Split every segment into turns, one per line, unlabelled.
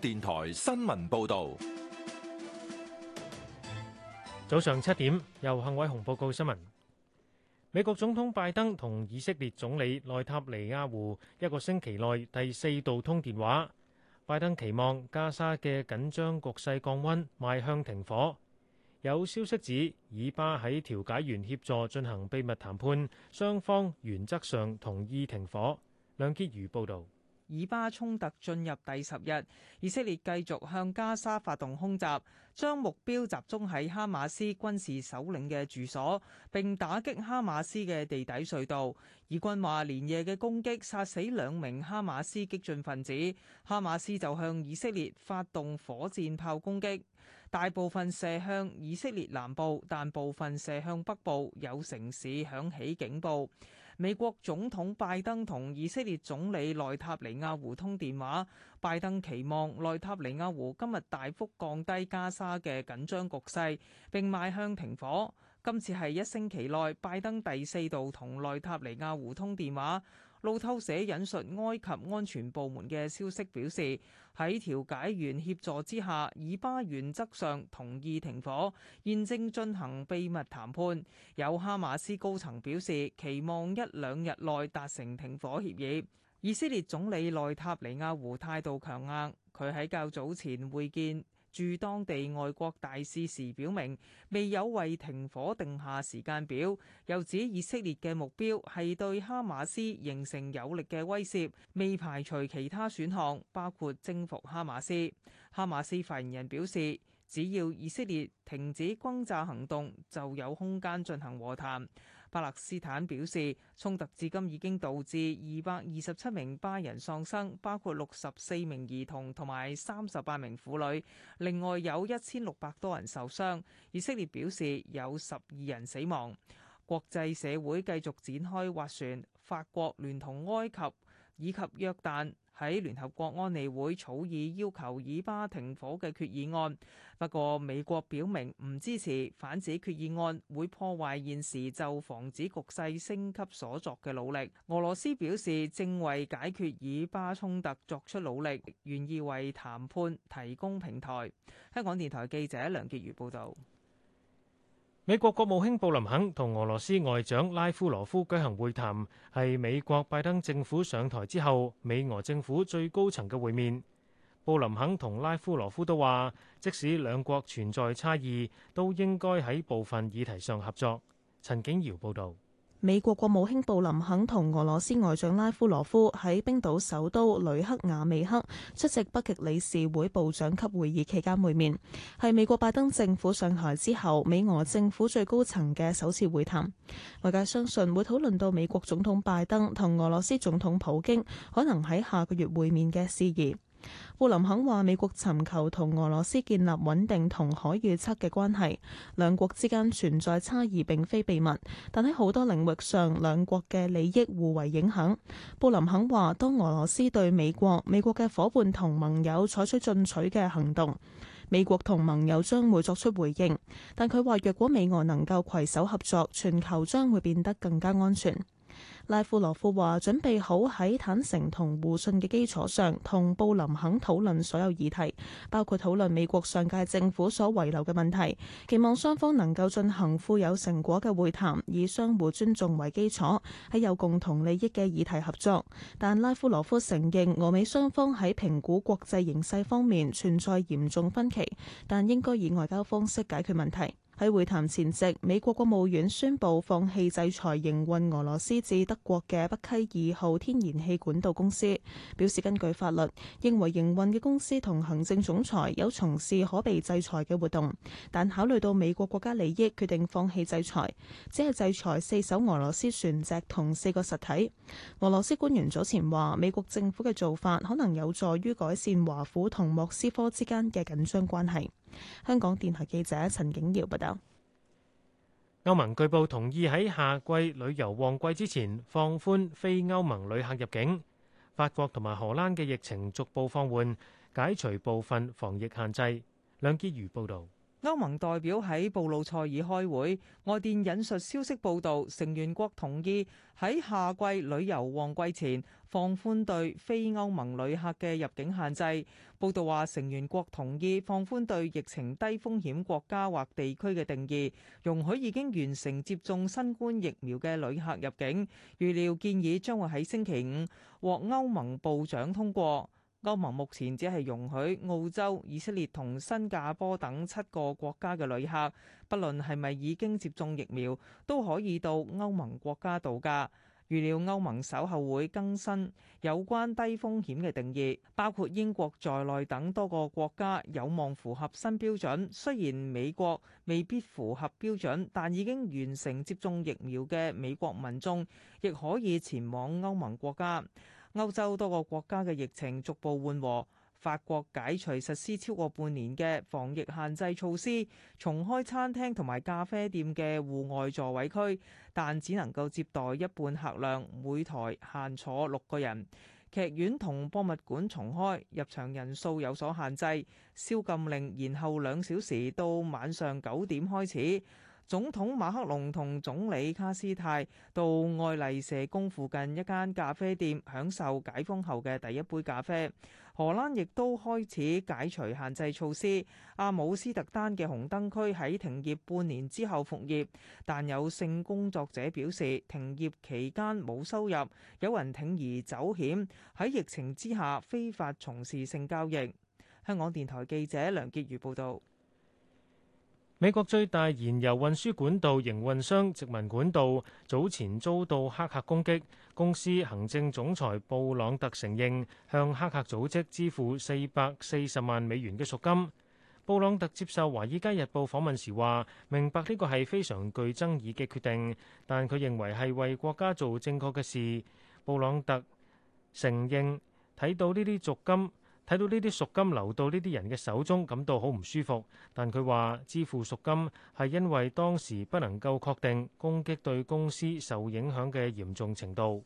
電台新聞報道：早上七點，由幸偉雄報告新聞。美國總統拜登同以色列總理內塔尼亞胡，一個星期內第四度通電話，拜登期望加沙嘅緊張局勢降温，邁向停火。有消息指，以巴喺調解員協助進行秘密談判，雙方原則上同意停火。梁潔如報道。
以巴衝突進入第十日，以色列繼續向加沙發動空襲，將目標集中喺哈馬斯軍事首領嘅住所，並打擊哈馬斯嘅地底隧道。以軍話，連夜嘅攻擊殺死兩名哈馬斯激進分子。哈馬斯就向以色列發動火箭炮攻擊，大部分射向以色列南部，但部分射向北部，有城市響起警報。美國總統拜登同以色列總理內塔尼亞胡通電話，拜登期望內塔尼亞胡今日大幅降低加沙嘅緊張局勢，並邁向停火。今次係一星期內拜登第四度同內塔尼亞胡通電話。路透社引述埃及安全部門嘅消息表示，喺調解員協助之下，以巴原則上同意停火，現正進行秘密談判。有哈馬斯高層表示期望一兩日內達成停火協議。以色列總理內塔尼亞胡態度強硬，佢喺較早前會見。駐當地外國大使時，表明未有為停火定下時間表，又指以色列嘅目標係對哈馬斯形成有力嘅威懾，未排除其他選項，包括征服哈馬斯。哈馬斯發言人表示，只要以色列停止轟炸行動，就有空間進行和談。巴勒斯坦表示，衝突至今已經導致二百二十七名巴人喪生，包括六十四名兒童同埋三十八名婦女，另外有一千六百多人受傷。以色列表示有十二人死亡。國際社會繼續展開斡旋，法國聯同埃及以及約旦。喺聯合國安理會草擬要求以巴停火嘅決議案，不過美國表明唔支持，反指決議案會破壞現時就防止局勢升級所作嘅努力。俄羅斯表示正為解決以巴衝突作出努力，願意為談判提供平台。香港電台記者梁潔如報道。美國國務
卿布林肯同俄羅斯外長拉夫羅夫舉行會談，係美國拜登政府上台之後，美俄政府最高層嘅會面。布林肯同拉夫羅夫都話，即使兩國存在差異，都應該喺部分議題上合作。陳景堯報道。
美國國務卿布林肯同俄羅斯外長拉夫羅夫喺冰島首都雷克雅未克出席北極理事會部長級會議期間會面，係美國拜登政府上台之後，美俄政府最高層嘅首次會談。外界相信會討論到美國總統拜登同俄羅斯總統普京可能喺下個月會面嘅事宜。布林肯話：美國尋求同俄羅斯建立穩定同可預測嘅關係，兩國之間存在差異，並非秘密，但喺好多領域上，兩國嘅利益互為影響。布林肯話：當俄羅斯對美國、美國嘅伙伴同盟友採取進取嘅行動，美國同盟友將會作出回應。但佢話，若果美俄能夠攜手合作，全球將會變得更加安全。拉夫羅夫話：準備好喺坦誠同互信嘅基礎上，同布林肯討論所有議題，包括討論美國上屆政府所遺留嘅問題，期望雙方能夠進行富有成果嘅會談，以相互尊重為基礎，喺有共同利益嘅議題合作。但拉夫羅夫承認，俄美雙方喺評估國際形勢方面存在嚴重分歧，但應該以外交方式解決問題。喺會談前夕，美國國務院宣布放棄制裁營運俄羅斯至德國嘅北溪二號天然氣管道公司，表示根據法律，認為營運嘅公司同行政總裁有從事可被制裁嘅活動，但考慮到美國國家利益，決定放棄制裁，只係制裁四艘俄羅斯船隻同四個實體。俄羅斯官員早前話，美國政府嘅做法可能有助於改善華府同莫斯科之間嘅緊張關係。香港電台記者陳景堯報道：
歐盟據報同意喺夏季旅遊旺季之前放寬非歐盟旅客入境。法國同埋荷蘭嘅疫情逐步放緩，解除部分防疫限制。梁潔如報道。
歐盟代表喺布魯塞爾開會，外電引述消息報道，成員國同意喺夏季旅遊旺季前放寬對非歐盟旅客嘅入境限制。報道話，成員國同意放寬對疫情低風險國家或地區嘅定義，容許已經完成接種新冠疫苗嘅旅客入境。預料建議將會喺星期五獲歐盟部長通過。歐盟目前只係容許澳洲、以色列同新加坡等七個國家嘅旅客，不論係咪已經接種疫苗，都可以到歐盟國家度假。預料歐盟稍後會更新有關低風險嘅定義，包括英國在內等多個國家有望符合新標準。雖然美國未必符合標準，但已經完成接種疫苗嘅美國民眾亦可以前往歐盟國家。歐洲多個國家嘅疫情逐步緩和，法國解除實施超過半年嘅防疫限制措施，重開餐廳同埋咖啡店嘅戶外座位區，但只能夠接待一半客量，每台限坐六個人。劇院同博物館重開，入場人數有所限制，宵禁令延後兩小時到晚上九點開始。總統馬克龍同總理卡斯泰到愛麗舍宮附近一間咖啡店，享受解封後嘅第一杯咖啡。荷蘭亦都開始解除限制措施，阿姆斯特丹嘅紅燈區喺停業半年之後復業，但有性工作者表示停業期間冇收入，有人鋌而走險，喺疫情之下非法從事性交易。香港電台記者梁潔如報導。
美國最大燃油運輸管道營運商殖民管道早前遭到黑客攻擊，公司行政總裁布朗特承認向黑客組織支付四百四十萬美元嘅贖金。布朗特接受《華爾街日報》訪問時話：明白呢個係非常具爭議嘅決定，但佢認為係為國家做正確嘅事。布朗特承認睇到呢啲贖金。睇到呢啲贖金流到呢啲人嘅手中，感到好唔舒服。但佢話支付贖金係因為當時不能夠確定攻擊對公司受影響嘅嚴重程度。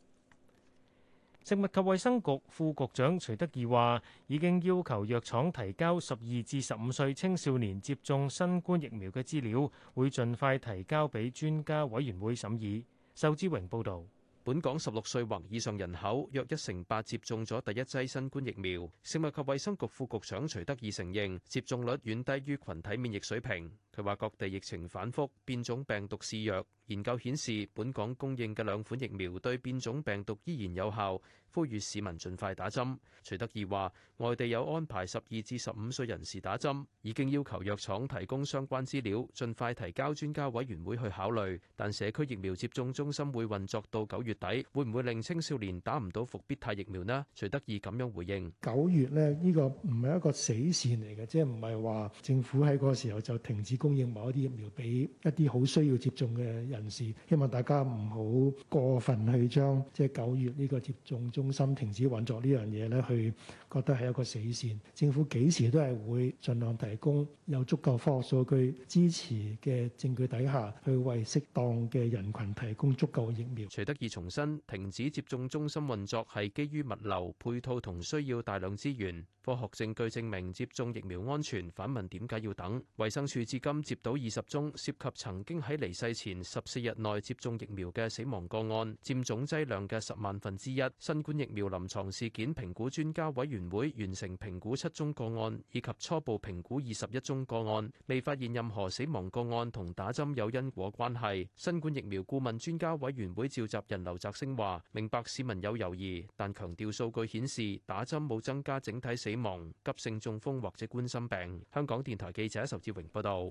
食物及衛生局副局長徐德義話已經要求藥廠提交十二至十五歲青少年接種新冠疫苗嘅資料，會盡快提交俾專家委員會審議，受志榮報道。本港十六歲或以上人口約
一成八接種咗第一劑新冠疫苗。食物及衛生局副局長徐德義承認，接種率遠低於群體免疫水平。佢話：各地疫情反覆，變種病毒肆虐。研究顯示，本港供應嘅兩款疫苗對變種病毒依然有效，呼籲市民盡快打針。徐德義話：外地有安排十二至十五歲人士打針，已經要求藥廠提供相關資料，盡快提交專家委員會去考慮。但社區疫苗接種中心會運作到九月底，會唔會令青少年打唔到復必泰疫苗呢？徐德義咁樣回應：
九月咧，呢個唔係一個死線嚟嘅，即係唔係話政府喺嗰個時候就停止供應某一啲疫苗俾一啲好需要接種嘅人士，希望大家唔好過分去將即係九月呢個接種中心停止運作呢樣嘢咧，去覺得係一個死線。政府幾時都係會盡量提供有足夠科學數據支持嘅證據底下去為適當嘅人群提供足夠嘅疫苗。
徐德義重申，停止接種中心運作係基於物流配套同需要大量資源。科學證據證明接種疫苗安全，反問點解要等？衛生署至今接到二十宗涉及曾經喺離世前十四日內接種疫苗嘅死亡個案佔總劑量嘅十萬分之一。新冠疫苗臨床事件評估專家委員會完成評估七宗個案，以及初步評估二十一宗個案，未發現任何死亡個案同打針有因果關係。新冠疫苗顧問專家委員會召集人劉澤星話：明白市民有猶疑，但強調數據顯示打針冇增加整體死亡、急性中風或者冠心病。
香港電台記者仇志榮報導。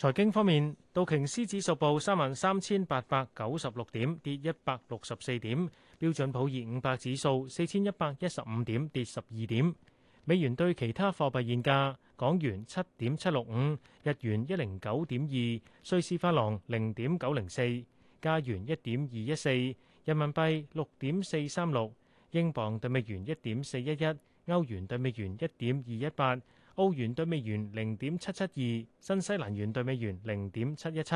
財經方面，道瓊斯指數報三萬三千八百九十六點，跌一百六十四點；標準普爾五百指數四千一百一十五點，跌十二點。美元對其他貨幣現價：港元七點七六五，日元一零九點二，瑞士法郎零點九零四，加元一點二一四，人民幣六點四三六，英鎊對美元一點四一一，歐元對美元一點二一八。歐元對美元零點七七二，新西蘭元對美元零點七一七。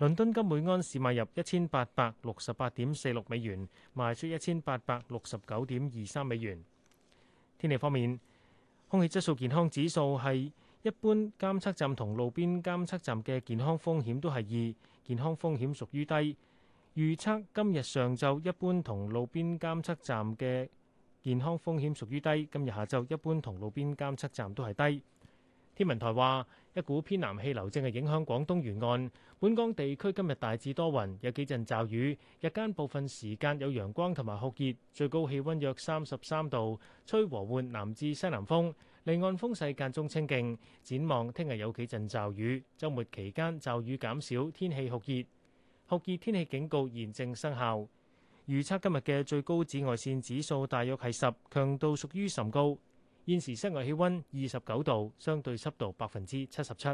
倫敦金每安士買入一千八百六十八點四六美元，賣出一千八百六十九點二三美元。天氣方面，空氣質素健康指數係一般，監測站同路邊監測站嘅健康風險都係二，健康風險屬於低。預測今日上晝一般同路邊監測站嘅。健康風險屬於低，今日下晝一般同路邊監測站都係低。天文台話，一股偏南氣流正係影響廣東沿岸，本港地區今日大致多雲，有幾陣驟雨，日間部分時間有陽光同埋酷熱，最高氣温約三十三度，吹和緩南至西南風，離岸風勢間中清勁。展望聽日有幾陣驟雨，週末期間驟雨減少，天氣酷熱，酷熱天氣警告現正生效。預測今日嘅最高紫外線指數大約係十，強度屬於甚高。現時室外氣溫二十九度，相對濕度百分之七十七。